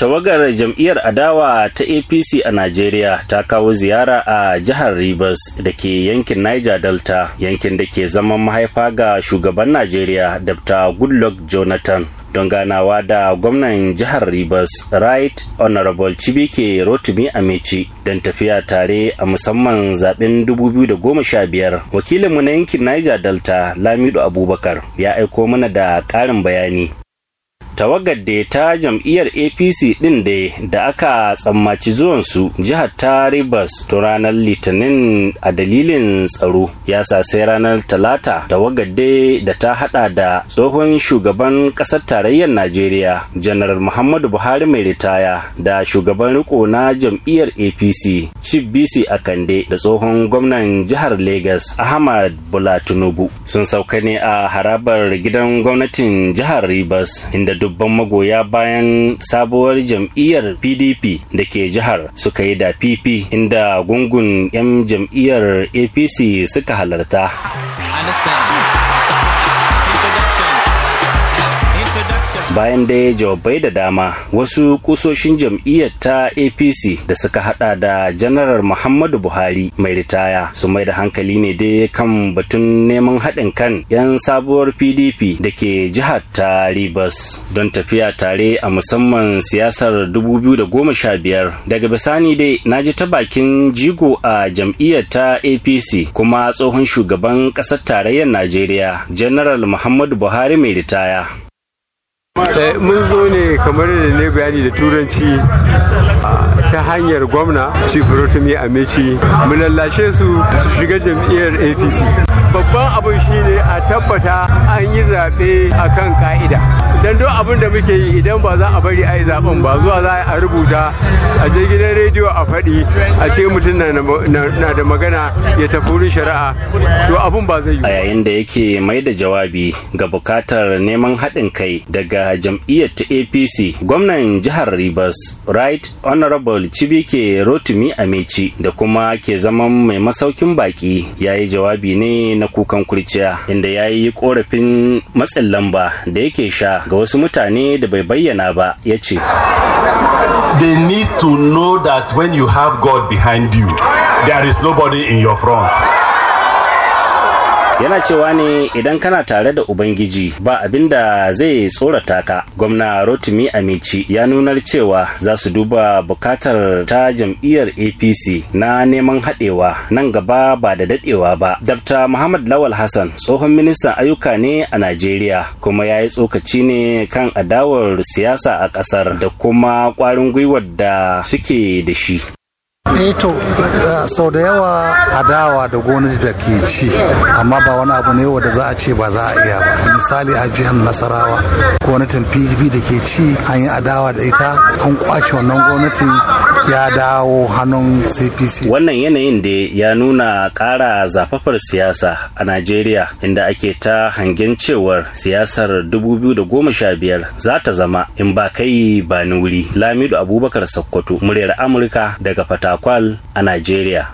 Tawagar jam'iyyar adawa ta APC a Najeriya ta kawo ziyara a jihar Rivers da ke yankin Niger Delta, yankin da ke zaman mahaifa ga shugaban Najeriya Dr. Goodluck Jonathan. don ganawa da gwamnan jihar Rivers Right Honorable Chibike Rotimi Amechi don tafiya tare a musamman zaben 2015 wakilinmu na yankin Niger Delta Lamido Abubakar ya aiko mana da ƙarin bayani. tawagar ta jam'iyyar apc din da da aka tsammaci zuwansu jihar ta to ranar litinin a dalilin tsaro ya sa sai ranar talata tawagar da ta hada da tsohon shugaban kasar tarayyar najeriya janar muhammadu buhari mai ritaya da shugaban riko na jam'iyyar apc chief bc akande da tsohon gwamnan jihar lagos ahmad bola tinubu sun sauka ne a harabar gidan gwamnatin jihar Ribas. inda dubban magoya bayan sabuwar jam'iyyar pdp da ke jihar suka yi da pp inda gungun 'yan jam'iyyar apc suka halarta bayan da ya jawabai da dama wasu kusoshin jam'iyyar ta apc da suka hada da janarar muhammadu buhari mai ritaya su mai da hankali ne dai kan batun neman haɗin kan 'yan sabuwar pdp da ke jihar ta ribas don tafiya tare a musamman siyasar 2015 daga bisani dai na ji ta bakin jigo a jam'iyyar ta apc kuma tsohon shugaban ƙasar tarayyar najeriya janaral muhammadu buhari mai ritaya Eh, mun zo ne kamar da ne bayani da turanci ah, ta hanyar gwamna chief rotimi amici mu lallashe su su shiga jam'iyyar apc babban abu shi ne a tabbata an yi zaɓe a kan ka'ida don duk abin da muke yi idan ba za a bari a yi zaɓen ba zuwa za a rubuta a je gidan rediyo a faɗi a ce mutum na da magana ya tafi wurin shari'a to abin ba zai yi a yayin da yake mai da jawabi ga bukatar neman haɗin kai daga jam'iyyar ta apc gwamnan jihar rivers right honorable chibike rotimi amici da kuma ke zaman mai masaukin baki ya yi jawabi ne na kukan kurciya inda ya yi korafin matsin lamba da yake sha ga wasu mutane da bai bayyana ba ya ce they need to know that when you have god behind you there is nobody in your front yana cewa ne idan kana tare da ubangiji ba abin da zai tsorata ka gwamna rotimi amici ya nunar cewa za su duba bukatar ta jam'iyyar apc na neman haɗewa nan gaba ba da daɗewa ba dabta muhammad lawal hassan tsohon ministan ayyuka ne a najeriya kuma ya yi tsokaci ne kan adawar siyasa a ƙasar da kuma ƙwarin gwiwar da suke da shi eh sau da yawa adawa da gwamnati da ke ci amma ba wani abu ne wanda za a ce ba za a iya ba misali a jihar nasarawa gwamnatin pdp da ke ci an yi adawa da ita an kwace wannan gwamnatin ya dawo hannun cpc wannan yanayin da ya nuna kara zafafar siyasa a najeriya inda ake ta hangen cewar siyasar 2015 za ta zama in ba kai ba ni wuri lamidu abubakar sakkwato muryar amurka daga fata kwal a Najeriya.